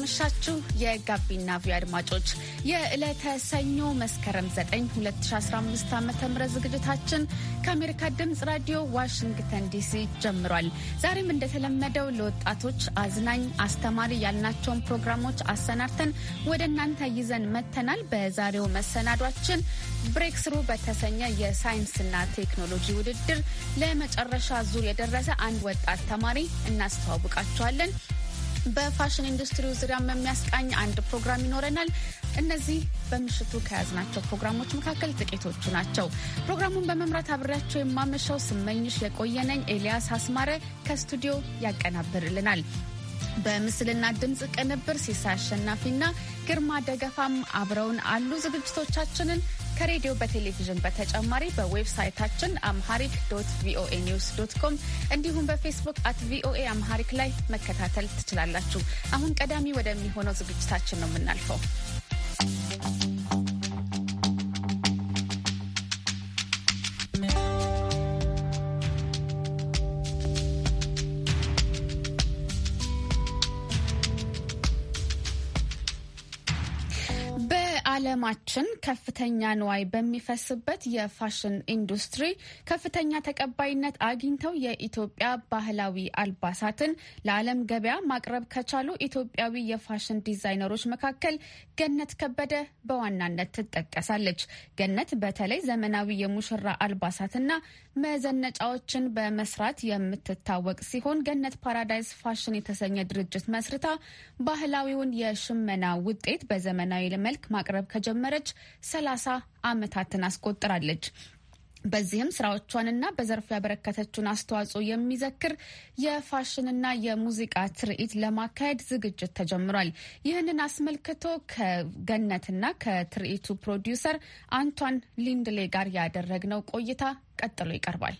እንደምናመሻችሁ የጋቢና ቪ አድማጮች የዕለተ ሰኞ መስከረም 9 2015 ዓ ም ዝግጅታችን ከአሜሪካ ድምፅ ራዲዮ ዋሽንግተን ዲሲ ጀምሯል። ዛሬም እንደተለመደው ለወጣቶች አዝናኝ፣ አስተማሪ ያልናቸውን ፕሮግራሞች አሰናድተን ወደ እናንተ ይዘን መጥተናል። በዛሬው መሰናዷችን ብሬክስሩ በተሰኘ የሳይንስና ቴክኖሎጂ ውድድር ለመጨረሻ ዙር የደረሰ አንድ ወጣት ተማሪ እናስተዋውቃችኋለን። በፋሽን ኢንዱስትሪው ዙሪያ የሚያስቃኝ አንድ ፕሮግራም ይኖረናል። እነዚህ በምሽቱ ከያዝናቸው ፕሮግራሞች መካከል ጥቂቶቹ ናቸው። ፕሮግራሙን በመምራት አብሬያቸው የማመሻው ስመኝሽ የቆየነኝ ኤልያስ አስማረ ከስቱዲዮ ያቀናብርልናል። በምስልና ድምፅ ቅንብር ሲሳይ አሸናፊና ግርማ ደገፋም አብረውን አሉ። ዝግጅቶቻችንን ከሬዲዮ በቴሌቪዥን በተጨማሪ በዌብሳይታችን አምሃሪክ ዶት ቪኦኤ ኒውስ ዶት ኮም እንዲሁም በፌስቡክ አት ቪኦኤ አምሃሪክ ላይ መከታተል ትችላላችሁ። አሁን ቀዳሚ ወደሚሆነው ዝግጅታችን ነው የምናልፈው። በዓለማችን ከፍተኛ ንዋይ በሚፈስበት የፋሽን ኢንዱስትሪ ከፍተኛ ተቀባይነት አግኝተው የኢትዮጵያ ባህላዊ አልባሳትን ለዓለም ገበያ ማቅረብ ከቻሉ ኢትዮጵያዊ የፋሽን ዲዛይነሮች መካከል ገነት ከበደ በዋናነት ትጠቀሳለች። ገነት በተለይ ዘመናዊ የሙሽራ አልባሳትና መዘነጫዎችን በመስራት የምትታወቅ ሲሆን ገነት ፓራዳይስ ፋሽን የተሰኘ ድርጅት መስርታ ባህላዊውን የሽመና ውጤት በዘመናዊ መልክ ማቅረብ ከጀመረች ሰላሳ ዓመታትን አስቆጥራለች። በዚህም ስራዎቿንና በዘርፉ ያበረከተችውን አስተዋጽኦ የሚዘክር የፋሽንና የሙዚቃ ትርኢት ለማካሄድ ዝግጅት ተጀምሯል። ይህንን አስመልክቶ ከገነትና ከትርኢቱ ፕሮዲውሰር አንቷን ሊንድሌ ጋር ያደረግነው ቆይታ ቀጥሎ ይቀርባል።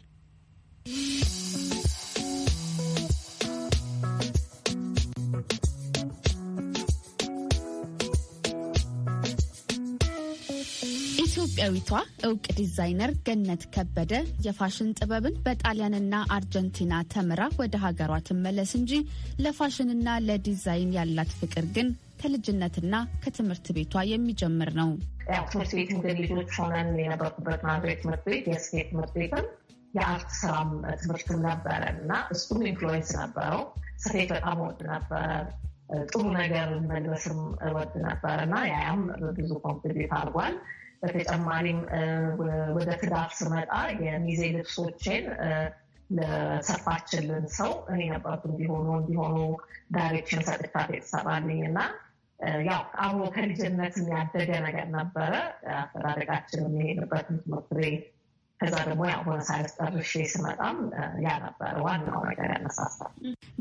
ኢትዮጵያዊቷ እውቅ ዲዛይነር ገነት ከበደ የፋሽን ጥበብን በጣሊያንና አርጀንቲና ተምራ ወደ ሀገሯ ትመለስ እንጂ ለፋሽንና ለዲዛይን ያላት ፍቅር ግን ከልጅነትና ከትምህርት ቤቷ የሚጀምር ነው። ትምህርት ቤት እንደ ልጆች ሆነን የነበርኩበት ማህበራዊ ትምህርት ቤት የስፌት ትምህርት ቤትም የአርት ስራም ትምህርትም ነበረ እና እሱም ኢንፍሉዌንስ ነበረው። ስፌት በጣም ወድ ነበረ። ጥሩ ነገር መልበስም ወድ ነበር እና ያም ብዙ ኮምፕሊት አድርጓል። በተጨማሪም ወደ ትዳር ስመጣ የሚዜ ልብሶችን ለሰፋችልን ሰው እኔ ነበርኩ እንዲሆኑ እንዲሆኑ ዳሬችን ሰጥቻት የተሰራልኝ እና ያው አብሮ ከልጅነት ያደገ ነገር ነበረ። አስተዳደጋችን የሚሄድበትን ትምህርት ቤት ከዛ ደግሞ ያው ቦነስ አይረስ ስመጣም ያ ነበር ዋናው ነገር ያነሳሳል።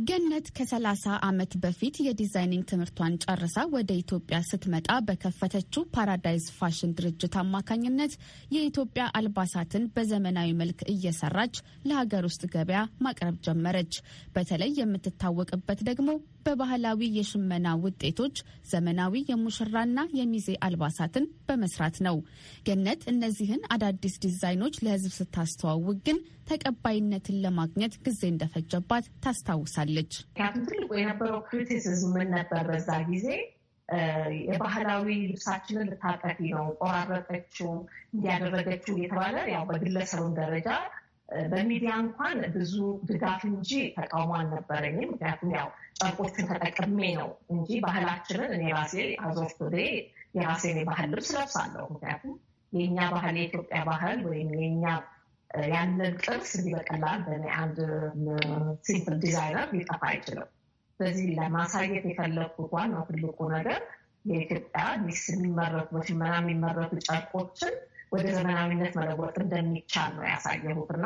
ገነት ከሰላሳ አመት በፊት የዲዛይኒንግ ትምህርቷን ጨርሳ ወደ ኢትዮጵያ ስትመጣ በከፈተችው ፓራዳይዝ ፋሽን ድርጅት አማካኝነት የኢትዮጵያ አልባሳትን በዘመናዊ መልክ እየሰራች ለሀገር ውስጥ ገበያ ማቅረብ ጀመረች። በተለይ የምትታወቅበት ደግሞ በባህላዊ የሽመና ውጤቶች ዘመናዊ የሙሽራና የሚዜ አልባሳትን በመስራት ነው። ገነት እነዚህን አዳዲስ ዲዛይኖች ለሕዝብ ስታስተዋውቅ ግን ተቀባይነትን ለማግኘት ጊዜ እንደፈጀባት ታስታውሳለች። ትልቁ የነበረው ክሪቲሲዝም ነበር? በዛ ጊዜ የባህላዊ ልብሳችንን ልታጠፊ ነው፣ ቆራረጠችው፣ እንዲያደረገችው እየተባለ ያው በግለሰቡን ደረጃ በሚዲያ እንኳን ብዙ ድጋፍ እንጂ ተቃውሞ አልነበረኝም። ምክንያቱም ያው ጨርቆችን ተጠቅሜ ነው እንጂ ባህላችንን እኔ ራሴ አዞፍ የራሴን የባህል ልብስ ለብሳለሁ። ምክንያቱም የእኛ ባህል የኢትዮጵያ ባህል ወይም የኛ ያንን ቅርስ እንዲህ በቀላል በእኔ አንድ ሲምፕል ዲዛይነር ሊጠፋ አይችልም። ስለዚህ ለማሳየት የፈለግኩት ዋናው ትልቁ ነገር የኢትዮጵያ ሚስ የሚመረቱ በሽመና የሚመረቱ ጨርቆችን ወደ ዘመናዊነት መለወጥ እንደሚቻል ነው ያሳየሁት እና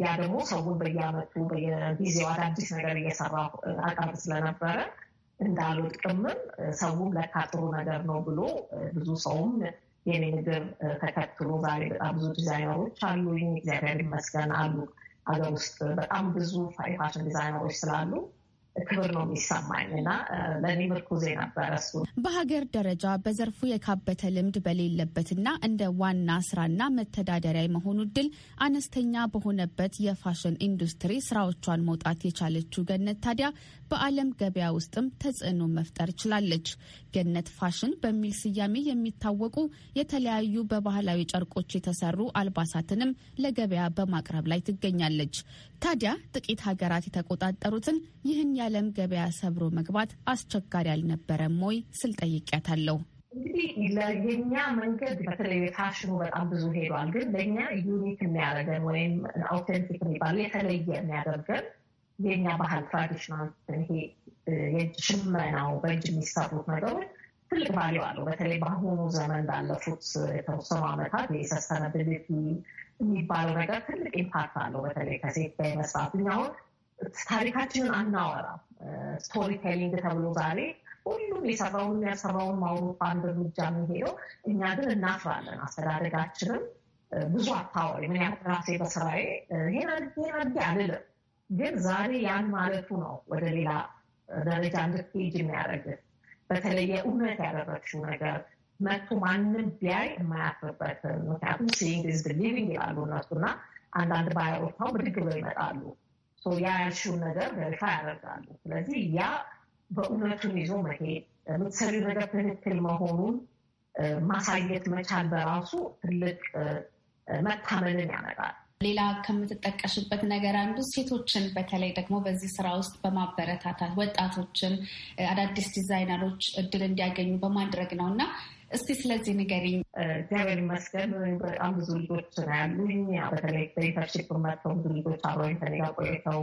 ያ ደግሞ ሰውን በየአመቱ በየጊዜው አዳዲስ ነገር እየሰራ አቀርብ ስለነበረ እንዳልወድቅምም ሰውም ለካ ጥሩ ነገር ነው ብሎ ብዙ ሰውም የኔ ምግብ ተከትሎ ዛሬ በጣም ብዙ ዲዛይነሮች አሉ። እግዚአብሔር ይመስገን አሉ። ሀገር ውስጥ በጣም ብዙ ፋሽን ዲዛይነሮች ስላሉ ክብር ነው የሚሰማኝ እና ለእኔ ምርኩዜ ነበረ እሱ። በሀገር ደረጃ በዘርፉ የካበተ ልምድ በሌለበትና እንደ ዋና ስራና መተዳደሪያ የመሆኑ እድል አነስተኛ በሆነበት የፋሽን ኢንዱስትሪ ስራዎቿን መውጣት የቻለችው ገነት ታዲያ በዓለም ገበያ ውስጥም ተጽዕኖ መፍጠር ችላለች። ገነት ፋሽን በሚል ስያሜ የሚታወቁ የተለያዩ በባህላዊ ጨርቆች የተሰሩ አልባሳትንም ለገበያ በማቅረብ ላይ ትገኛለች። ታዲያ ጥቂት ሀገራት የተቆጣጠሩትን ይህን የዓለም ገበያ ሰብሮ መግባት አስቸጋሪ አልነበረም ወይ ስል ጠይቄያታለሁ። እንግዲህ ለየኛ መንገድ በተለይ ፋሽኑ በጣም ብዙ ሄዷል። ግን ለእኛ ዩኒክ የሚያደርገን ወይም አውቴንቲክ የሚባለው የተለየ የሚያደርገን የኛ ባህል ትራዲሽናል ይሄ የእጅ ሽመናው በእጅ የሚሰሩት ነገሮች ትልቅ ቫሊው አለው። በተለይ በአሁኑ ዘመን ባለፉት የተወሰኑ ዓመታት የሰስተናብሊቲ የሚባለው ነገር ትልቅ ኢምፓክት አለው። በተለይ ከሴት ጋር መስራት ታሪካችንን አናወራ። ስቶሪቴሊንግ ተብሎ ዛሬ ሁሉም የሰራውን የሚያሰራውን ማውሮፓ አንድ እርምጃ የሚሄደው እኛ ግን እናፍራለን። አስተዳደጋችንም ብዙ አታወሪ። ምን ያህል ራሴ በስራዬ ይሄን አድርጌ አልልም፣ ግን ዛሬ ያን ማለቱ ነው ወደ ሌላ ደረጃ እንድትሄጅ የሚያደርግን በተለየ እውነት ያደረግሽው ነገር መቶ ማንም ቢያይ የማያፍርበት ምክንያቱም ሲንግ ዝ ሊቪንግ ይላሉ እነሱ እና አንዳንድ ባያወታው ብድግ ብለው ይመጣሉ። ያ ነገር በልፋ ያደርጋሉ። ስለዚህ ያ በእውነቱን ይዞ መሄድ የምትሰሪው ነገር ትክክል መሆኑን ማሳየት መቻል በራሱ ትልቅ መታመንን ያመጣል። ሌላ ከምትጠቀሽበት ነገር አንዱ ሴቶችን በተለይ ደግሞ በዚህ ስራ ውስጥ በማበረታታት ወጣቶችን አዳዲስ ዲዛይነሮች እድል እንዲያገኙ በማድረግ ነው እና እስቲ ስለዚህ ንገሪኝ። እግዚአብሔር ይመስገን በጣም ብዙ ልጆች ነው ያሉኝ። በተለይ በኢንተርንሺፕ መጥተው ብዙ ልጆች አብረው ተኔጋ ቆይተው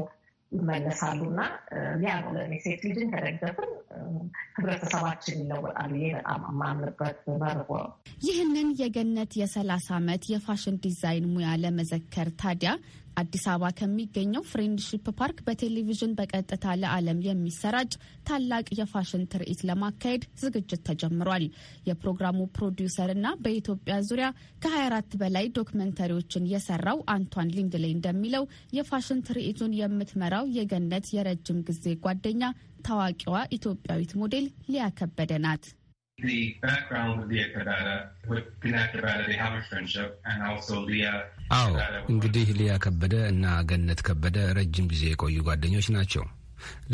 ይመለሳሉ እና ያ ነው ለእኔ ሴት ልጅን ከደገፍን ህብረተሰባችን ይለወጣል። ይሄ በጣም የማምንበት መርቦ ነው። ይህንን የገነት የሰላሳ ዓመት የፋሽን ዲዛይን ሙያ ለመዘከር ታዲያ አዲስ አበባ ከሚገኘው ፍሬንድሺፕ ፓርክ በቴሌቪዥን በቀጥታ ለዓለም የሚሰራጭ ታላቅ የፋሽን ትርኢት ለማካሄድ ዝግጅት ተጀምሯል። የፕሮግራሙ ፕሮዲውሰር እና በኢትዮጵያ ዙሪያ ከ24 በላይ ዶክመንተሪዎችን የሰራው አንቷን ሊንድሌይ እንደሚለው የፋሽን ትርኢቱን የምትመራው የገነት የረጅም ጊዜ ጓደኛ ታዋቂዋ ኢትዮጵያዊት ሞዴል ሊያ ከበደ ናት። አዎ እንግዲህ ሊያ ከበደ እና ገነት ከበደ ረጅም ጊዜ የቆዩ ጓደኞች ናቸው።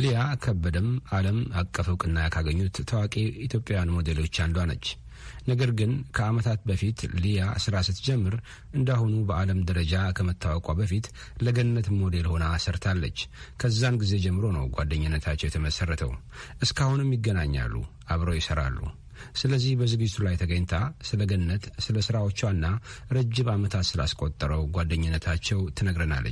ሊያ ከበደም ዓለም አቀፍ እውቅና ካገኙት ታዋቂ ኢትዮጵያውያን ሞዴሎች አንዷ ነች። ነገር ግን ከዓመታት በፊት ሊያ ስራ ስትጀምር እንዳሁኑ በዓለም ደረጃ ከመታወቋ በፊት ለገነት ሞዴል ሆና ሰርታለች። ከዛን ጊዜ ጀምሮ ነው ጓደኝነታቸው የተመሰረተው። እስካሁንም ይገናኛሉ፣ አብረው ይሰራሉ። ስለዚህ በዝግጅቱ ላይ ተገኝታ ስለ ገነት፣ ስለ ስራዎቿና ረጅም ዓመታት ስላስቆጠረው ጓደኝነታቸው ትነግረናለች።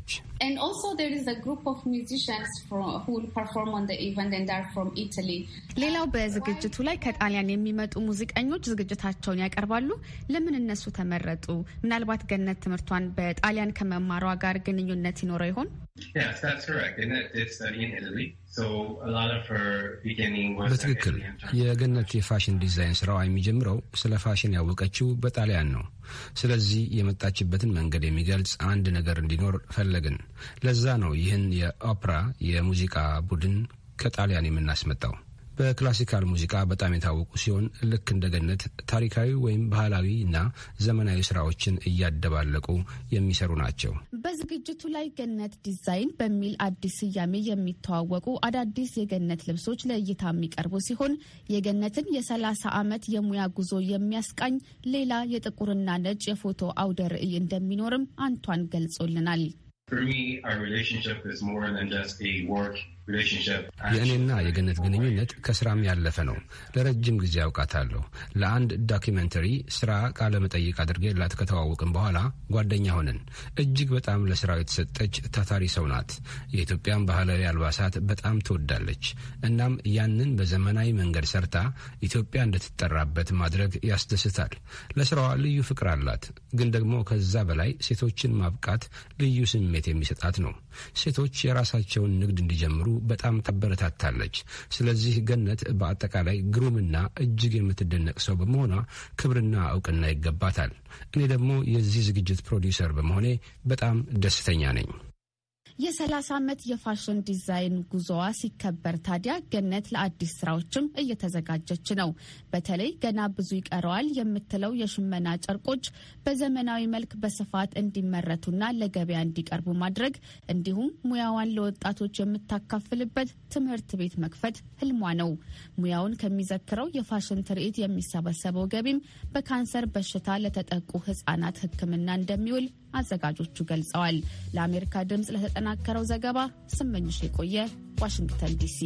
ሌላው በዝግጅቱ ላይ ከጣሊያን የሚመጡ ሙዚቀኞች ዝግጅታቸውን ያቀርባሉ። ለምን እነሱ ተመረጡ? ምናልባት ገነት ትምህርቷን በጣሊያን ከመማሯ ጋር ግንኙነት ይኖረው ይሆን? በትክክል የገነት የፋሽን ዲዛይን ስራዋ የሚጀምረው ስለ ፋሽን ያወቀችው በጣሊያን ነው። ስለዚህ የመጣችበትን መንገድ የሚገልጽ አንድ ነገር እንዲኖር ፈለግን። ለዛ ነው ይህን የኦፕራ የሙዚቃ ቡድን ከጣሊያን የምናስመጣው። በክላሲካል ሙዚቃ በጣም የታወቁ ሲሆን ልክ እንደ ገነት ታሪካዊ ወይም ባህላዊ እና ዘመናዊ ስራዎችን እያደባለቁ የሚሰሩ ናቸው። በዝግጅቱ ላይ ገነት ዲዛይን በሚል አዲስ ስያሜ የሚተዋወቁ አዳዲስ የገነት ልብሶች ለእይታ የሚቀርቡ ሲሆን የገነትን የሰላሳ ዓመት የሙያ ጉዞ የሚያስቃኝ ሌላ የጥቁርና ነጭ የፎቶ አውደ ርዕይ እንደሚኖርም አንቷን ገልጾልናል። የእኔና የገነት ግንኙነት ከስራም ያለፈ ነው። ለረጅም ጊዜ አውቃታለሁ። ለአንድ ዶኪመንተሪ ስራ ቃለ መጠይቅ ላት ከተዋወቅን በኋላ ጓደኛ ሆነን። እጅግ በጣም ለስራው የተሰጠች ታታሪ ሰው ናት። የኢትዮጵያን ባህላዊ አልባሳት በጣም ትወዳለች። እናም ያንን በዘመናዊ መንገድ ሰርታ ኢትዮጵያ እንደትጠራበት ማድረግ ያስደስታል። ለስራዋ ልዩ ፍቅር አላት። ግን ደግሞ ከዛ በላይ ሴቶችን ማብቃት ልዩ ስሜት የሚሰጣት ነው። ሴቶች የራሳቸውን ንግድ እንዲጀምሩ በጣም ታበ ታበረታታለች። ስለዚህ ገነት በአጠቃላይ ግሩምና እጅግ የምትደነቅ ሰው በመሆኗ ክብርና እውቅና ይገባታል። እኔ ደግሞ የዚህ ዝግጅት ፕሮዲውሰር በመሆኔ በጣም ደስተኛ ነኝ። የ30 ዓመት የፋሽን ዲዛይን ጉዞዋ ሲከበር ታዲያ ገነት ለአዲስ ስራዎችም እየተዘጋጀች ነው። በተለይ ገና ብዙ ይቀረዋል የምትለው የሽመና ጨርቆች በዘመናዊ መልክ በስፋት እንዲመረቱና ለገበያ እንዲቀርቡ ማድረግ እንዲሁም ሙያዋን ለወጣቶች የምታካፍልበት ትምህርት ቤት መክፈት ህልሟ ነው። ሙያውን ከሚዘክረው የፋሽን ትርኢት የሚሰበሰበው ገቢም በካንሰር በሽታ ለተጠቁ ህጻናት ሕክምና እንደሚውል አዘጋጆቹ ገልጸዋል። ለአሜሪካ ድምፅ ለተጠናከረው ዘገባ ስመኝሽ የቆየ ዋሽንግተን ዲሲ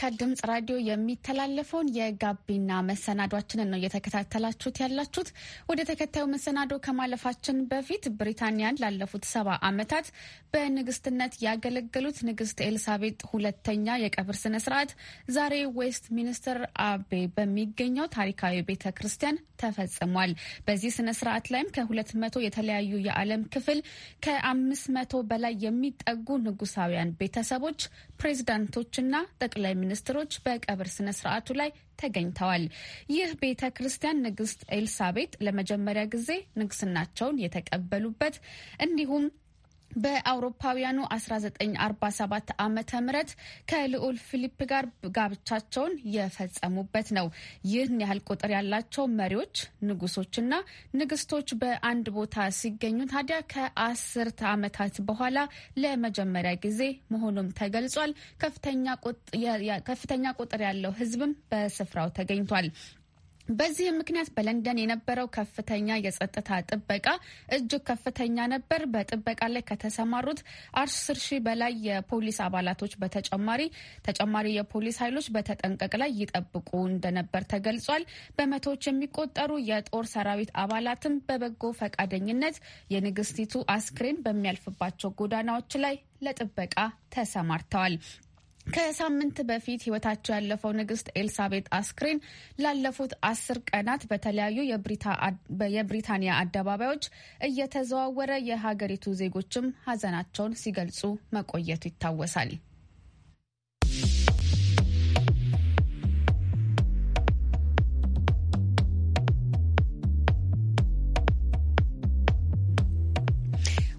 ከአሜሪካ ድምጽ ራዲዮ የሚተላለፈውን የጋቢና መሰናዷችንን ነው እየተከታተላችሁት ያላችሁት። ወደ ተከታዩ መሰናዶ ከማለፋችን በፊት ብሪታንያን ላለፉት ሰባ ዓመታት በንግስትነት ያገለገሉት ንግስት ኤልሳቤጥ ሁለተኛ የቀብር ስነ ስርዓት ዛሬ ዌስት ሚኒስትር አቤ በሚገኘው ታሪካዊ ቤተ ክርስቲያን ተፈጽሟል። በዚህ ስነ ስርዓት ላይም ከሁለት መቶ የተለያዩ የዓለም ክፍል ከአምስት መቶ በላይ የሚጠጉ ንጉሳውያን ቤተሰቦች ፕሬዚዳንቶችና ጠቅላይ ሚኒስትሮች በቀብር ስነ ስርዓቱ ላይ ተገኝተዋል። ይህ ቤተ ክርስቲያን ንግስት ኤልሳቤጥ ለመጀመሪያ ጊዜ ንግስናቸውን የተቀበሉበት እንዲሁም በአውሮፓውያኑ 1947 ዓመተ ም ከልዑል ፊሊፕ ጋር ጋብቻቸውን የፈጸሙበት ነው። ይህን ያህል ቁጥር ያላቸው መሪዎች ንጉሶችና ንግስቶች በአንድ ቦታ ሲገኙ ታዲያ ከአስርተ ዓመታት በኋላ ለመጀመሪያ ጊዜ መሆኑም ተገልጿል። ከፍተኛ ቁጥር ያለው ህዝብም በስፍራው ተገኝቷል። በዚህም ምክንያት በለንደን የነበረው ከፍተኛ የጸጥታ ጥበቃ እጅግ ከፍተኛ ነበር። በጥበቃ ላይ ከተሰማሩት አስር ሺህ በላይ የፖሊስ አባላቶች በተጨማሪ ተጨማሪ የፖሊስ ኃይሎች በተጠንቀቅ ላይ ይጠብቁ እንደነበር ተገልጿል። በመቶዎች የሚቆጠሩ የጦር ሰራዊት አባላትም በበጎ ፈቃደኝነት የንግስቲቱ አስክሬን በሚያልፍባቸው ጎዳናዎች ላይ ለጥበቃ ተሰማርተዋል። ከሳምንት በፊት ህይወታቸው ያለፈው ንግስት ኤልሳቤጥ አስክሬን ላለፉት አስር ቀናት በተለያዩ የብሪታንያ አደባባዮች እየተዘዋወረ የሀገሪቱ ዜጎችም ሀዘናቸውን ሲገልጹ መቆየቱ ይታወሳል።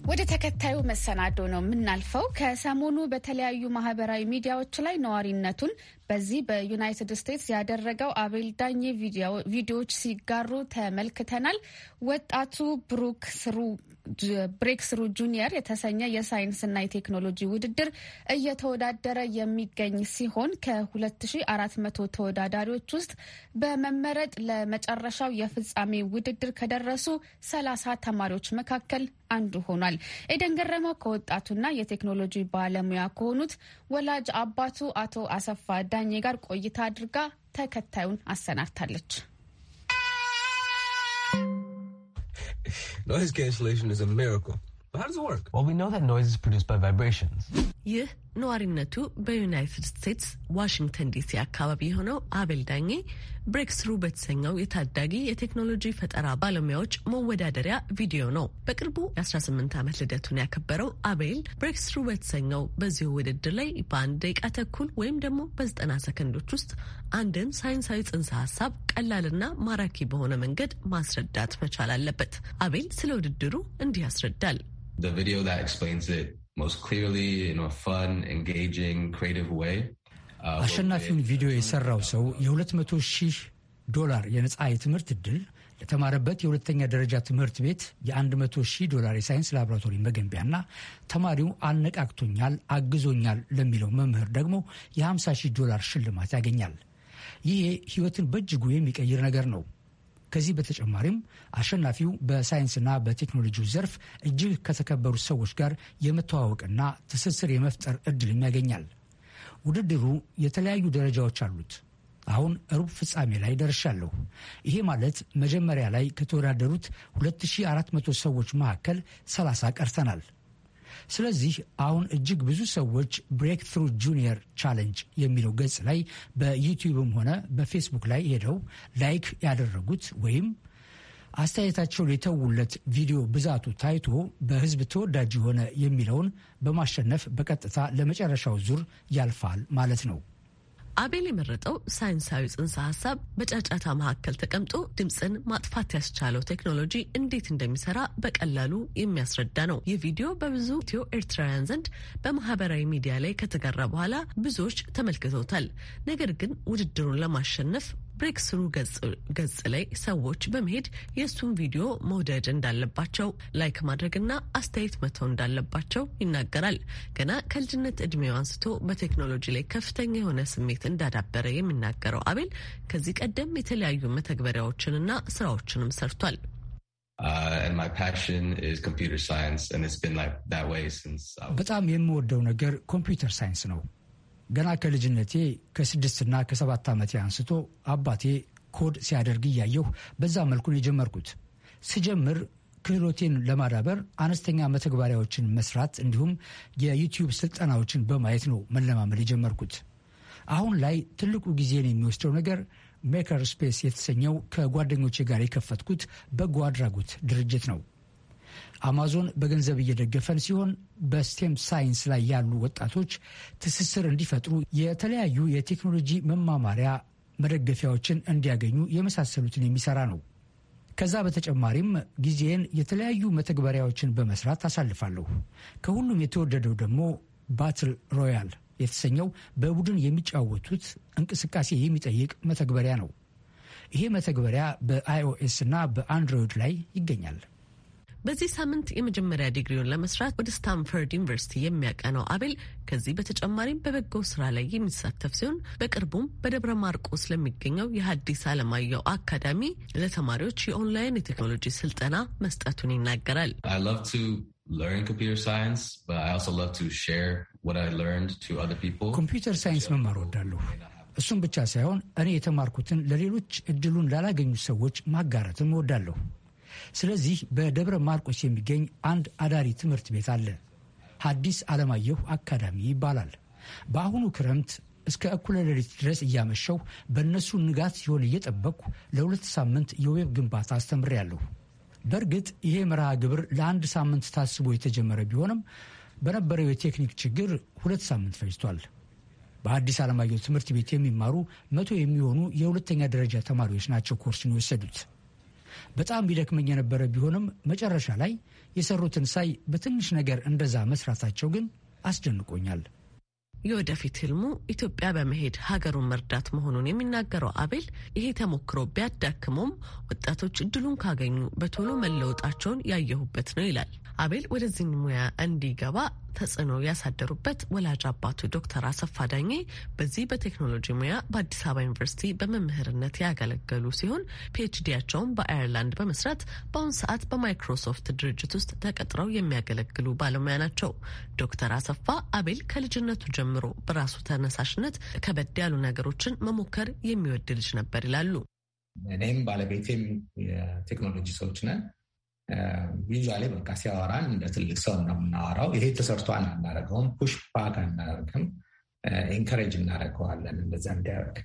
ወደ ተከታዩ መሰናዶ ነው የምናልፈው። ከሰሞኑ በተለያዩ ማህበራዊ ሚዲያዎች ላይ ነዋሪነቱን በዚህ በዩናይትድ ስቴትስ ያደረገው አቤል ዳኜ ቪዲዮዎች ሲጋሩ ተመልክተናል። ወጣቱ ብሩክ ስሩ ብሬክስሩ ጁኒየር የተሰኘ የሳይንስና የቴክኖሎጂ ውድድር እየተወዳደረ የሚገኝ ሲሆን ከ2400 ተወዳዳሪዎች ውስጥ በመመረጥ ለመጨረሻው የፍጻሜ ውድድር ከደረሱ 30 ተማሪዎች መካከል አንዱ ሆኗል። ኤደን ገረመው ከወጣቱና የቴክኖሎጂ ባለሙያ ከሆኑት ወላጅ አባቱ አቶ አሰፋ ዳኜ ጋር ቆይታ አድርጋ ተከታዩን አሰናድታለች። noise cancellation is a miracle. But how does it work? Well, we know that noise is produced by vibrations. Yeah. ነዋሪነቱ በዩናይትድ ስቴትስ ዋሽንግተን ዲሲ አካባቢ የሆነው አቤል ዳኜ ብሬክስሩ በተሰኘው የታዳጊ የቴክኖሎጂ ፈጠራ ባለሙያዎች መወዳደሪያ ቪዲዮ ነው። በቅርቡ የ18 ዓመት ልደቱን ያከበረው አቤል ብሬክስሩ በተሰኘው በዚሁ ውድድር ላይ በአንድ ደቂቃ ተኩል ወይም ደግሞ በዘጠና ሰከንዶች ውስጥ አንድን ሳይንሳዊ ጽንሰ ሀሳብ ቀላልና ማራኪ በሆነ መንገድ ማስረዳት መቻል አለበት። አቤል ስለ ውድድሩ እንዲህ ያስረዳል። The video that explains it Uh, አሸናፊውን ቪዲዮ የሰራው uh, ሰው የ200 ሺህ ዶላር የነጻ የትምህርት ዕድል ለተማረበት የሁለተኛ ደረጃ ትምህርት ቤት የ100 ሺህ ዶላር የሳይንስ ላቦራቶሪ መገንቢያና ተማሪው አነቃቅቶኛል፣ አግዞኛል ለሚለው መምህር ደግሞ የ50 ሺህ ዶላር ሽልማት ያገኛል። ይሄ ሕይወትን በእጅጉ የሚቀይር ነገር ነው። ከዚህ በተጨማሪም አሸናፊው በሳይንስና በቴክኖሎጂው ዘርፍ እጅግ ከተከበሩ ሰዎች ጋር የመተዋወቅና ትስስር የመፍጠር እድልም ያገኛል። ውድድሩ የተለያዩ ደረጃዎች አሉት። አሁን ሩብ ፍጻሜ ላይ ደርሻለሁ። ይሄ ማለት መጀመሪያ ላይ ከተወዳደሩት 2400 ሰዎች መካከል 30 ቀርተናል። ስለዚህ አሁን እጅግ ብዙ ሰዎች ብሬክ ትሩ ጁኒየር ቻለንጅ የሚለው ገጽ ላይ በዩቲዩብም ሆነ በፌስቡክ ላይ ሄደው ላይክ ያደረጉት ወይም አስተያየታቸውን የተውለት ቪዲዮ ብዛቱ ታይቶ በሕዝብ ተወዳጅ የሆነ የሚለውን በማሸነፍ በቀጥታ ለመጨረሻው ዙር ያልፋል ማለት ነው። አቤል የመረጠው ሳይንሳዊ ጽንሰ ሀሳብ በጫጫታ መካከል ተቀምጦ ድምፅን ማጥፋት ያስቻለው ቴክኖሎጂ እንዴት እንደሚሰራ በቀላሉ የሚያስረዳ ነው። ይህ ቪዲዮ በብዙ ኢትዮ ኤርትራውያን ዘንድ በማህበራዊ ሚዲያ ላይ ከተጋራ በኋላ ብዙዎች ተመልክተውታል። ነገር ግን ውድድሩን ለማሸነፍ ብሬክስሩ ገጽ ላይ ሰዎች በመሄድ የእሱን ቪዲዮ መውደድ እንዳለባቸው፣ ላይክ ማድረግና አስተያየት መተው እንዳለባቸው ይናገራል። ገና ከልጅነት እድሜው አንስቶ በቴክኖሎጂ ላይ ከፍተኛ የሆነ ስሜት እንዳዳበረ የሚናገረው አቤል ከዚህ ቀደም የተለያዩ መተግበሪያዎችንና ስራዎችንም ሰርቷል። uh, በጣም የምወደው ነገር ኮምፒውተር ሳይንስ ነው። ገና ከልጅነቴ ከስድስትና ከሰባት ዓመቴ አንስቶ አባቴ ኮድ ሲያደርግ እያየሁ በዛ መልኩን የጀመርኩት። ስጀምር ክህሎቴን ለማዳበር አነስተኛ መተግበሪያዎችን መስራት እንዲሁም የዩቲዩብ ስልጠናዎችን በማየት ነው መለማመድ የጀመርኩት። አሁን ላይ ትልቁ ጊዜን የሚወስደው ነገር ሜከር ስፔስ የተሰኘው ከጓደኞቼ ጋር የከፈትኩት በጎ አድራጎት ድርጅት ነው። አማዞን በገንዘብ እየደገፈን ሲሆን በስቴም ሳይንስ ላይ ያሉ ወጣቶች ትስስር እንዲፈጥሩ የተለያዩ የቴክኖሎጂ መማማሪያ መደገፊያዎችን እንዲያገኙ የመሳሰሉትን የሚሰራ ነው። ከዛ በተጨማሪም ጊዜን የተለያዩ መተግበሪያዎችን በመስራት አሳልፋለሁ። ከሁሉም የተወደደው ደግሞ ባትል ሮያል የተሰኘው በቡድን የሚጫወቱት እንቅስቃሴ የሚጠይቅ መተግበሪያ ነው። ይሄ መተግበሪያ በአይኦኤስ እና በአንድሮይድ ላይ ይገኛል። በዚህ ሳምንት የመጀመሪያ ዲግሪውን ለመስራት ወደ ስታንፈርድ ዩኒቨርሲቲ የሚያቀነው አቤል ከዚህ በተጨማሪም በበጎ ስራ ላይ የሚሳተፍ ሲሆን በቅርቡም በደብረ ማርቆስ ለሚገኘው የሀዲስ አለማየሁ አካዳሚ ለተማሪዎች የኦንላይን የቴክኖሎጂ ስልጠና መስጠቱን ይናገራል። ኮምፒውተር ሳይንስ መማር ወዳለሁ። እሱም ብቻ ሳይሆን እኔ የተማርኩትን ለሌሎች እድሉን ላላገኙ ሰዎች ማጋራትም እወዳለሁ። ስለዚህ በደብረ ማርቆስ የሚገኝ አንድ አዳሪ ትምህርት ቤት አለ። ሐዲስ ዓለማየሁ አካዳሚ ይባላል። በአሁኑ ክረምት እስከ እኩለ ሌሊት ድረስ እያመሸው በእነሱ ንጋት ሲሆን እየጠበቅኩ ለሁለት ሳምንት የዌብ ግንባታ አስተምሬያለሁ። በእርግጥ ይሄ መርሃ ግብር ለአንድ ሳምንት ታስቦ የተጀመረ ቢሆንም በነበረው የቴክኒክ ችግር ሁለት ሳምንት ፈጅቷል። በአዲስ ዓለማየሁ ትምህርት ቤት የሚማሩ መቶ የሚሆኑ የሁለተኛ ደረጃ ተማሪዎች ናቸው ኮርስን የወሰዱት። በጣም ቢደክመኝ የነበረ ቢሆንም መጨረሻ ላይ የሰሩትን ሳይ በትንሽ ነገር እንደዛ መስራታቸው ግን አስደንቆኛል። የወደፊት ህልሙ ኢትዮጵያ በመሄድ ሀገሩን መርዳት መሆኑን የሚናገረው አቤል ይሄ ተሞክሮ ቢያዳክመውም ወጣቶች እድሉን ካገኙ በቶሎ መለወጣቸውን ያየሁበት ነው ይላል። አቤል ወደዚህ ሙያ እንዲገባ ተጽዕኖ ያሳደሩበት ወላጅ አባቱ ዶክተር አሰፋ ዳኜ በዚህ በቴክኖሎጂ ሙያ በአዲስ አበባ ዩኒቨርሲቲ በመምህርነት ያገለገሉ ሲሆን ፒኤችዲያቸውን በአየርላንድ በመስራት በአሁን ሰዓት በማይክሮሶፍት ድርጅት ውስጥ ተቀጥረው የሚያገለግሉ ባለሙያ ናቸው። ዶክተር አሰፋ አቤል ከልጅነቱ ጀምሮ በራሱ ተነሳሽነት ከበድ ያሉ ነገሮችን መሞከር የሚወድ ልጅ ነበር ይላሉ። እኔም ባለቤቴም የቴክኖሎጂ ሰዎች ነን። ቪዛ ላይ በቃ ሲያወራን እንደ ትልቅ ሰው ነው የምናወራው። ይሄ ተሰርቷን አናደርገውም፣ ፑሽ ባክ አናደርግም፣ ኢንከሬጅ እናደርገዋለን እንደዛ እንዲያደርግ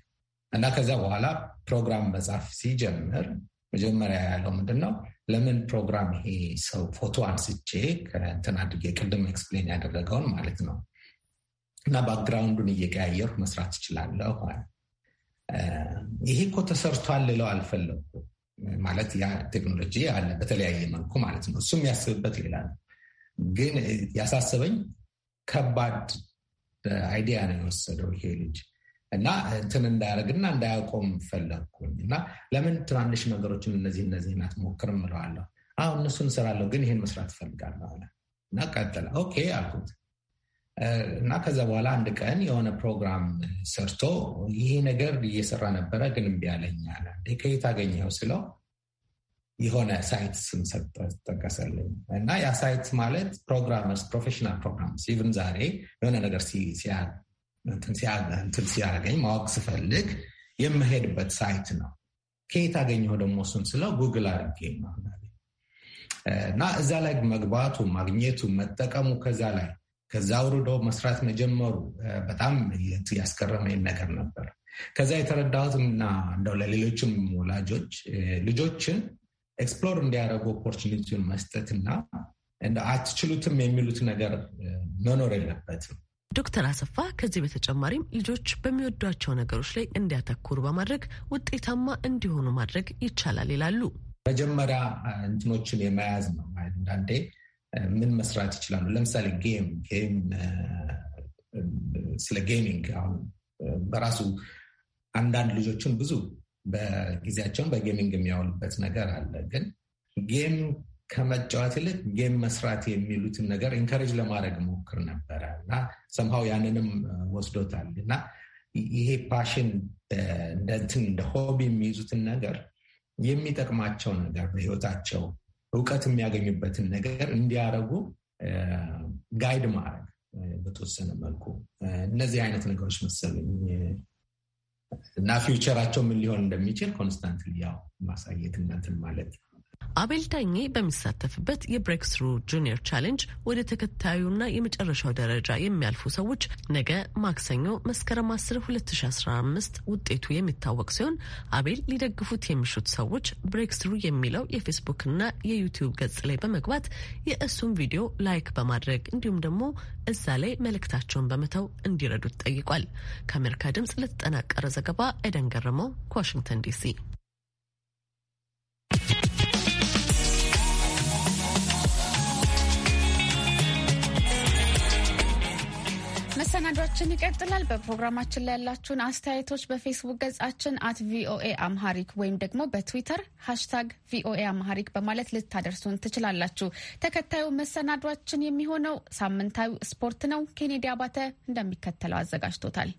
እና ከዛ በኋላ ፕሮግራም መጻፍ ሲጀምር መጀመሪያ ያለው ምንድን ነው ለምን ፕሮግራም ይሄ ሰው ፎቶ አንስቼ ከእንትን አድርጌ ቅድም ኤክስፕሌን ያደረገውን ማለት ነው እና ባክግራውንዱን እየቀያየሩ መስራት ይችላለሁ። ይሄ እኮ ተሰርቷል ልለው አልፈለኩም። ማለት ያ ቴክኖሎጂ አለ በተለያየ መልኩ ማለት ነው። እሱም ያስብበት ሌላ ነው። ግን ያሳሰበኝ ከባድ አይዲያ ነው የወሰደው ይሄ ልጅ እና እንትን እንዳያደርግና እንዳያቆም ፈለግኩኝ እና ለምን ትናንሽ ነገሮችን እነዚህ እነዚህን አትሞክርም እለዋለሁ። አሁ እነሱን እሰራለሁ ግን ይሄን መስራት እፈልጋለሁ አለ እና ቀጠለ። ኦኬ አልኩት። እና ከዛ በኋላ አንድ ቀን የሆነ ፕሮግራም ሰርቶ ይሄ ነገር እየሰራ ነበረ፣ ግን እምቢ አለኝ አለ። ከየት አገኘኸው ስለው የሆነ ሳይት ስም ጠቀሰልኝ። እና ያ ሳይት ማለት ፕሮግራመርስ፣ ፕሮፌሽናል ፕሮግራመርስ ኢቭን ዛሬ የሆነ ነገር እንትን ሲያገኝ ማወቅ ስፈልግ የምሄድበት ሳይት ነው። ከየት አገኘው ደግሞ እሱን ስለው ጉግል አድርጌ እና እዛ ላይ መግባቱ ማግኘቱ መጠቀሙ ከዛ ላይ ከዛ አውርዶ መስራት መጀመሩ በጣም ያስገረመኝ ነገር ነበር። ከዛ የተረዳሁት እና እንደው ለሌሎችም ወላጆች ልጆችን ኤክስፕሎር እንዲያደርጉ ኦፖርቹኒቲውን መስጠትና እንደ አትችሉትም የሚሉት ነገር መኖር የለበትም። ዶክተር አሰፋ ከዚህ በተጨማሪም ልጆች በሚወዷቸው ነገሮች ላይ እንዲያተኩሩ በማድረግ ውጤታማ እንዲሆኑ ማድረግ ይቻላል ይላሉ። መጀመሪያ እንትኖችን የመያዝ ነው። አንዳንዴ ምን መስራት ይችላሉ? ለምሳሌ ጌም ጌም ስለ ጌሚንግ አሁን በራሱ አንዳንድ ልጆችን ብዙ በጊዜያቸውን በጌሚንግ የሚያውልበት ነገር አለ። ግን ጌም ከመጫወት ይልቅ ጌም መስራት የሚሉትን ነገር ኢንካሬጅ ለማድረግ ሞክር ነበረ እና ሰምሃው ያንንም ወስዶታል እና ይሄ ፓሽን እንደ እንትን እንደ ሆቢ የሚይዙትን ነገር የሚጠቅማቸው ነገር በህይወታቸው እውቀት የሚያገኙበትን ነገር እንዲያደረጉ ጋይድ ማድረግ በተወሰነ መልኩ እነዚህ አይነት ነገሮች መሰለኝ እና ፊውቸራቸው ምን ሊሆን እንደሚችል ኮንስታንት ያው ማሳየት ማለት አቤል ዳኜ በሚሳተፍበት የብሬክስሩ ጁኒየር ቻሌንጅ ወደ ተከታዩና የመጨረሻው ደረጃ የሚያልፉ ሰዎች ነገ ማክሰኞ መስከረም 10 2015 ውጤቱ የሚታወቅ ሲሆን አቤል ሊደግፉት የሚሹት ሰዎች ብሬክስሩ የሚለው የፌስቡክና የዩቲዩብ ገጽ ላይ በመግባት የእሱን ቪዲዮ ላይክ በማድረግ እንዲሁም ደግሞ እዛ ላይ መልእክታቸውን በመተው እንዲረዱት ጠይቋል። ከአሜሪካ ድምጽ ለተጠናቀረ ዘገባ ኤደን ገረመው ከዋሽንግተን ዲሲ መሰናዷችን ይቀጥላል። በፕሮግራማችን ላይ ያላችሁን አስተያየቶች በፌስቡክ ገጻችን አት ቪኦኤ አምሃሪክ ወይም ደግሞ በትዊተር ሃሽታግ ቪኦኤ አምሃሪክ በማለት ልታደርሱን ትችላላችሁ። ተከታዩ መሰናዷችን የሚሆነው ሳምንታዊ ስፖርት ነው። ኬኔዲ አባተ እንደሚከተለው አዘጋጅቶታል።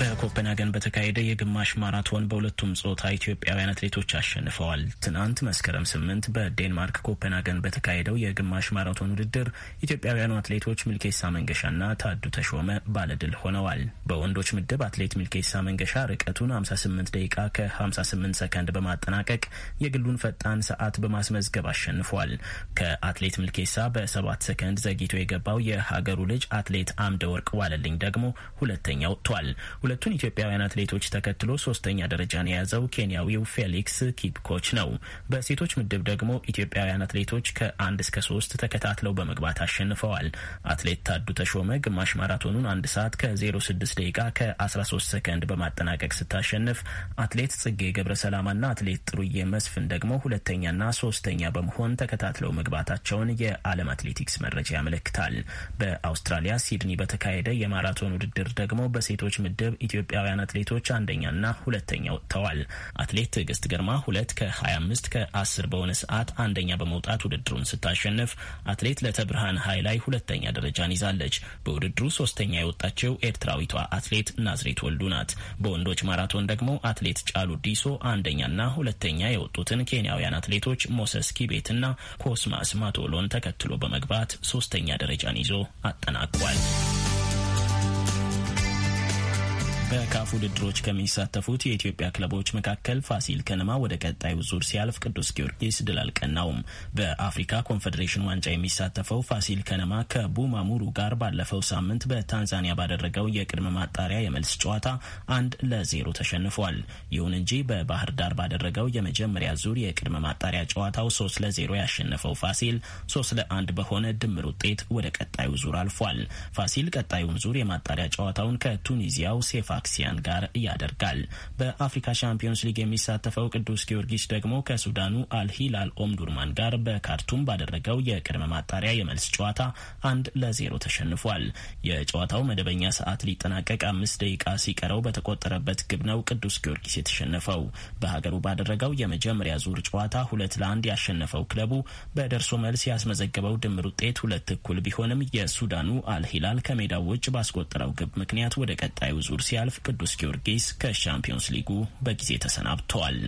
በኮፐንሃገን በተካሄደ የግማሽ ማራቶን በሁለቱም ጾታ ኢትዮጵያውያን አትሌቶች አሸንፈዋል። ትናንት መስከረም ስምንት በዴንማርክ ኮፐንሃገን በተካሄደው የግማሽ ማራቶን ውድድር ኢትዮጵያውያኑ አትሌቶች ሚልኬሳ መንገሻና ታዱ ተሾመ ባለድል ሆነዋል። በወንዶች ምድብ አትሌት ሚልኬሳ መንገሻ ርቀቱን 58 ደቂቃ ከ58 ሰከንድ በማጠናቀቅ የግሉን ፈጣን ሰዓት በማስመዝገብ አሸንፏል። ከአትሌት ሚልኬሳ በሰባት ሰከንድ ዘግይቶ የገባው የሀገሩ ልጅ አትሌት አምደ ወርቅ ዋለልኝ ደግሞ ሁለተኛ ወጥቷል። ሁለቱን ኢትዮጵያውያን አትሌቶች ተከትሎ ሶስተኛ ደረጃን የያዘው ኬንያዊው ፌሊክስ ኪፕኮች ነው። በሴቶች ምድብ ደግሞ ኢትዮጵያውያን አትሌቶች ከአንድ እስከ ሶስት ተከታትለው በመግባት አሸንፈዋል። አትሌት ታዱ ተሾመ ግማሽ ማራቶኑን አንድ ሰዓት ከ06 ደቂቃ ከ13 ሰከንድ በማጠናቀቅ ስታሸንፍ፣ አትሌት ጽጌ ገብረ ሰላማና አትሌት ጥሩዬ መስፍን ደግሞ ሁለተኛና ሶስተኛ በመሆን ተከታትለው መግባታቸውን የዓለም አትሌቲክስ መረጃ ያመለክታል። በአውስትራሊያ ሲድኒ በተካሄደ የማራቶን ውድድር ደግሞ በሴቶች ምድብ ኢትዮጵያውያን አትሌቶች አንደኛና ሁለተኛ ወጥተዋል። አትሌት ትዕግስት ግርማ ሁለት ከ25 ከ10 በሆነ ሰዓት አንደኛ በመውጣት ውድድሩን ስታሸንፍ፣ አትሌት ለተብርሃን ሀይ ላይ ሁለተኛ ደረጃን ይዛለች። በውድድሩ ሶስተኛ የወጣችው ኤርትራዊቷ አትሌት ናዝሬት ወልዱ ናት። በወንዶች ማራቶን ደግሞ አትሌት ጫሉ ዲሶ አንደኛና ሁለተኛ የወጡትን ኬንያውያን አትሌቶች ሞሰስ ኪቤትና ኮስማስ ማቶሎን ተከትሎ በመግባት ሶስተኛ ደረጃን ይዞ አጠናቋል። በካፍ ውድድሮች ከሚሳተፉት የኢትዮጵያ ክለቦች መካከል ፋሲል ከነማ ወደ ቀጣዩ ዙር ሲያልፍ ቅዱስ ጊዮርጊስ ድል አልቀናውም። በአፍሪካ ኮንፌዴሬሽን ዋንጫ የሚሳተፈው ፋሲል ከነማ ከቡማሙሩ ጋር ባለፈው ሳምንት በታንዛኒያ ባደረገው የቅድመ ማጣሪያ የመልስ ጨዋታ አንድ ለዜሮ ተሸንፏል። ይሁን እንጂ በባህር ዳር ባደረገው የመጀመሪያ ዙር የቅድመ ማጣሪያ ጨዋታው ሶስት ለዜሮ ያሸነፈው ፋሲል ሶስት ለአንድ በሆነ ድምር ውጤት ወደ ቀጣዩ ዙር አልፏል። ፋሲል ቀጣዩን ዙር የማጣሪያ ጨዋታውን ከቱኒዚያው ሴፋ ባክሲያን ጋር ያደርጋል። በአፍሪካ ሻምፒዮንስ ሊግ የሚሳተፈው ቅዱስ ጊዮርጊስ ደግሞ ከሱዳኑ አልሂላል ኦምዱርማን ጋር በካርቱም ባደረገው የቅድመ ማጣሪያ የመልስ ጨዋታ አንድ ለዜሮ ተሸንፏል። የጨዋታው መደበኛ ሰዓት ሊጠናቀቅ አምስት ደቂቃ ሲቀረው በተቆጠረበት ግብ ነው ቅዱስ ጊዮርጊስ የተሸነፈው። በሀገሩ ባደረገው የመጀመሪያ ዙር ጨዋታ ሁለት ለአንድ ያሸነፈው ክለቡ በደርሶ መልስ ያስመዘገበው ድምር ውጤት ሁለት እኩል ቢሆንም የሱዳኑ አልሂላል ከሜዳው ውጭ ባስቆጠረው ግብ ምክንያት ወደ ቀጣዩ ዙር ሲያል ሲያልፍ ቅዱስ ጊዮርጊስ ከሻምፒዮንስ ሊጉ በጊዜ ተሰናብተዋል።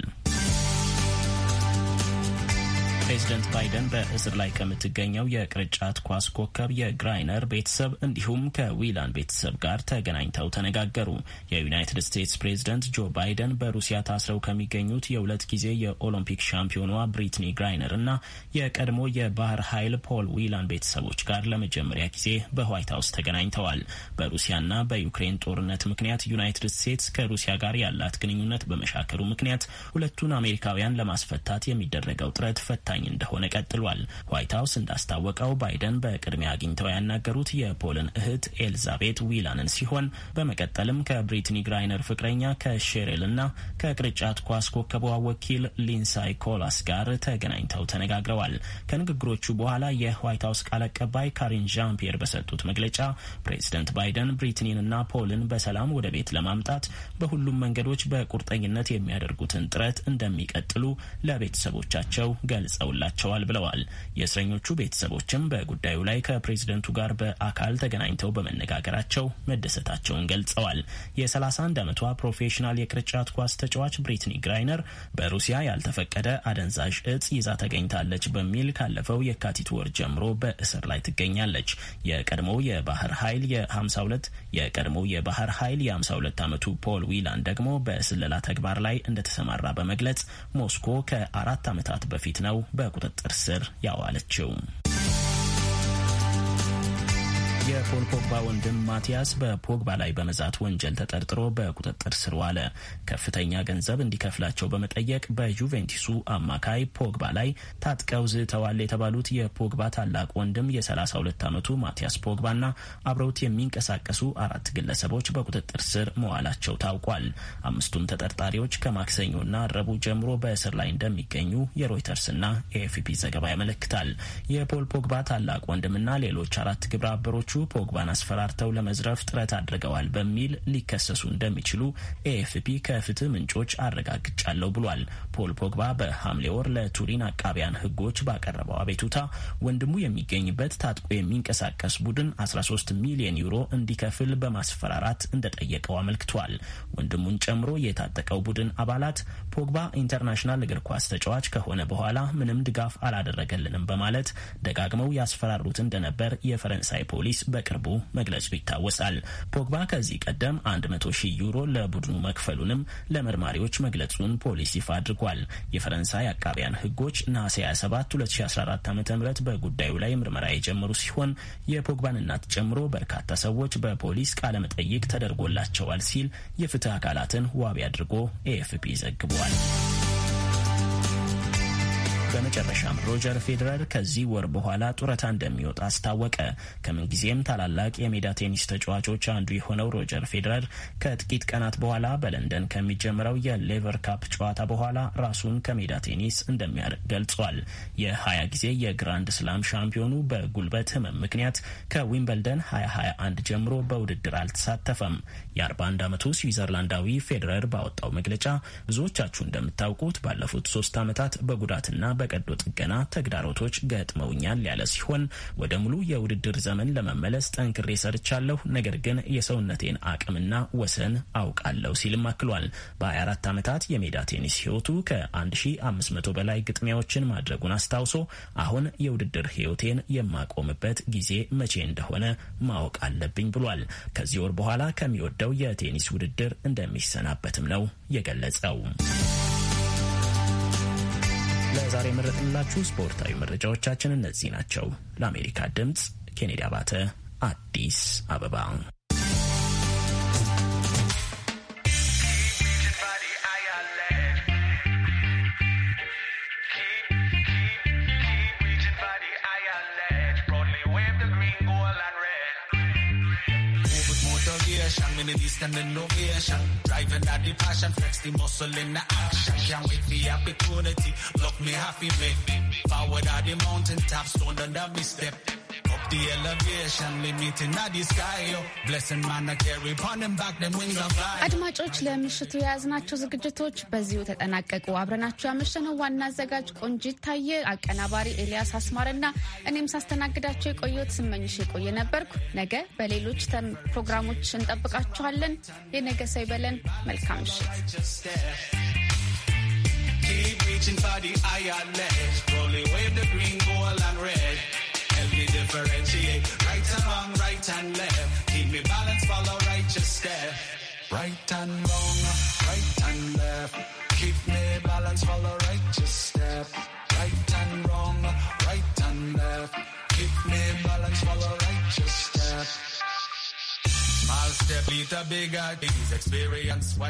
ፕሬዝደንት ባይደን በእስር ላይ ከምትገኘው የቅርጫት ኳስ ኮከብ የግራይነር ቤተሰብ እንዲሁም ከዊላን ቤተሰብ ጋር ተገናኝተው ተነጋገሩ። የዩናይትድ ስቴትስ ፕሬዝደንት ጆ ባይደን በሩሲያ ታስረው ከሚገኙት የሁለት ጊዜ የኦሎምፒክ ሻምፒዮኗ ብሪትኒ ግራይነር እና የቀድሞ የባህር ኃይል ፖል ዊላን ቤተሰቦች ጋር ለመጀመሪያ ጊዜ በዋይት ሀውስ ተገናኝተዋል። በሩሲያና በዩክሬን ጦርነት ምክንያት ዩናይትድ ስቴትስ ከሩሲያ ጋር ያላት ግንኙነት በመሻከሩ ምክንያት ሁለቱን አሜሪካውያን ለማስፈታት የሚደረገው ጥረት ፈታኝ ወሳኝ እንደሆነ ቀጥሏል። ዋይት ሀውስ እንዳስታወቀው ባይደን በቅድሚያ አግኝተው ያናገሩት የፖልን እህት ኤልዛቤት ዊላንን ሲሆን በመቀጠልም ከብሪትኒ ግራይነር ፍቅረኛ ከሼሬል እና ከቅርጫት ኳስ ኮከቧ ወኪል ሊንሳይ ኮላስ ጋር ተገናኝተው ተነጋግረዋል። ከንግግሮቹ በኋላ የዋይት ሀውስ ቃል አቀባይ ካሪን ዣን ፒየር በሰጡት መግለጫ ፕሬዚደንት ባይደን ብሪትኒንና ፖልን በሰላም ወደ ቤት ለማምጣት በሁሉም መንገዶች በቁርጠኝነት የሚያደርጉትን ጥረት እንደሚቀጥሉ ለቤተሰቦቻቸው ገልጸው ገልጸውላቸዋል ብለዋል። የእስረኞቹ ቤተሰቦችም በጉዳዩ ላይ ከፕሬዝደንቱ ጋር በአካል ተገናኝተው በመነጋገራቸው መደሰታቸውን ገልጸዋል። የ31 ዓመቷ ፕሮፌሽናል የቅርጫት ኳስ ተጫዋች ብሪትኒ ግራይነር በሩሲያ ያልተፈቀደ አደንዛዥ እጽ ይዛ ተገኝታለች በሚል ካለፈው የካቲት ወር ጀምሮ በእስር ላይ ትገኛለች። የቀድሞ የባህር ኃይል የ52 የቀድሞ የባህር ኃይል የ52 ዓመቱ ፖል ዊላን ደግሞ በስለላ ተግባር ላይ እንደተሰማራ በመግለጽ ሞስኮ ከአራት ዓመታት በፊት ነው በቁጥጥር ስር ያዋለችው። የፖል ፖግባ ወንድም ማቲያስ በፖግባ ላይ በመዛት ወንጀል ተጠርጥሮ በቁጥጥር ስር ዋለ። ከፍተኛ ገንዘብ እንዲከፍላቸው በመጠየቅ በዩቬንቱሱ አማካይ ፖግባ ላይ ታጥቀው ዝተዋል የተባሉት የፖግባ ታላቅ ወንድም የ32 ዓመቱ ማቲያስ ፖግባና አብረውት የሚንቀሳቀሱ አራት ግለሰቦች በቁጥጥር ስር መዋላቸው ታውቋል። አምስቱም ተጠርጣሪዎች ከማክሰኞና ረቡዕ ጀምሮ በእስር ላይ እንደሚገኙ የሮይተርስና ኤኤፍፒ ዘገባ ያመለክታል። የፖል ፖግባ ታላቅ ወንድምና ሌሎች አራት ግብረ አበሮቹ ፖግባን አስፈራርተው ለመዝረፍ ጥረት አድርገዋል በሚል ሊከሰሱ እንደሚችሉ ኤኤፍፒ ከፍትህ ምንጮች አረጋግጫለሁ ብሏል። ፖል ፖግባ በሐምሌ ወር ለቱሪን አቃቢያን ህጎች ባቀረበው አቤቱታ ወንድሙ የሚገኝበት ታጥቆ የሚንቀሳቀስ ቡድን 13 ሚሊዮን ዩሮ እንዲከፍል በማስፈራራት እንደጠየቀው አመልክቷል። ወንድሙን ጨምሮ የታጠቀው ቡድን አባላት ፖግባ ኢንተርናሽናል እግር ኳስ ተጫዋች ከሆነ በኋላ ምንም ድጋፍ አላደረገልንም በማለት ደጋግመው ያስፈራሩት እንደነበር የፈረንሳይ ፖሊስ ፓሪስ በቅርቡ መግለጹ ይታወሳል። ፖግባ ከዚህ ቀደም 100 ሺህ ዩሮ ለቡድኑ መክፈሉንም ለመርማሪዎች መግለጹን ፖሊስ ይፋ አድርጓል። የፈረንሳይ አቃቢያን ህጎች ነሐሴ 27 2014 ዓ ም በጉዳዩ ላይ ምርመራ የጀመሩ ሲሆን የፖግባን እናት ጨምሮ በርካታ ሰዎች በፖሊስ ቃለመጠይቅ ተደርጎላቸዋል ሲል የፍትህ አካላትን ዋቢ አድርጎ ኤኤፍፒ ዘግቧል። በመጨረሻም ሮጀር ፌዴረር ከዚህ ወር በኋላ ጡረታ እንደሚወጣ አስታወቀ። ከምንጊዜም ታላላቅ የሜዳ ቴኒስ ተጫዋቾች አንዱ የሆነው ሮጀር ፌዴረር ከጥቂት ቀናት በኋላ በለንደን ከሚጀምረው የሌቨር ካፕ ጨዋታ በኋላ ራሱን ከሜዳ ቴኒስ እንደሚያርቅ ገልጿል። የሀያ ጊዜ የግራንድ ስላም ሻምፒዮኑ በጉልበት ህመም ምክንያት ከዊምበልደን 2021 ጀምሮ በውድድር አልተሳተፈም። የ41 ዓመቱ ስዊዘርላንዳዊ ፌዴረር ባወጣው መግለጫ ብዙዎቻችሁ እንደምታውቁት ባለፉት ሶስት ዓመታት በጉዳትና በቀዶ ጥገና ተግዳሮቶች ገጥመውኛል ያለ ሲሆን ወደ ሙሉ የውድድር ዘመን ለመመለስ ጠንክሬ ሰርቻለሁ፣ ነገር ግን የሰውነቴን አቅምና ወሰን አውቃለሁ ሲልም አክሏል። በ24 ዓመታት የሜዳ ቴኒስ ህይወቱ ከ1500 በላይ ግጥሚያዎችን ማድረጉን አስታውሶ አሁን የውድድር ህይወቴን የማቆምበት ጊዜ መቼ እንደሆነ ማወቅ አለብኝ ብሏል። ከዚህ ወር በኋላ ከሚወደው የቴኒስ ውድድር እንደሚሰናበትም ነው የገለጸው። ለዛሬ የመረጥንላችሁ ስፖርታዊ መረጃዎቻችን እነዚህ ናቸው። ለአሜሪካ ድምፅ ኬኔዲ አባተ አዲስ አበባ me standing ovation. Driving out the passion, flex the muscle in the action. Can't wait for the opportunity. Look me happy, make me. Forward at the mountain tops, stone under me step. The elevation limit in the sky. Oh. Blessing man I carry upon them back them wings of light. አድማጮች ለምሽቱ የያዝናቸው ዝግጅቶች በዚሁ ተጠናቀቁ። አብረናችሁ ያመሸነው ዋና አዘጋጅ ቆንጂት ታየ፣ አቀናባሪ ኤልያስ አስማርና እኔም ሳስተናግዳቸው የቆየሁት ስመኝሽ የቆየ ነበርኩ። ነገ በሌሎች ፕሮግራሞች እንጠብቃችኋለን። የነገ ሰው ይበለን። መልካም ምሽት። help me differentiate right and wrong, right and left. Keep me balanced, follow righteous step. Right and wrong, right and left. Keep me balanced, follow righteous step. Right and wrong, right and left. Keep me balanced, follow righteous step. Small step, little bigger. These experience what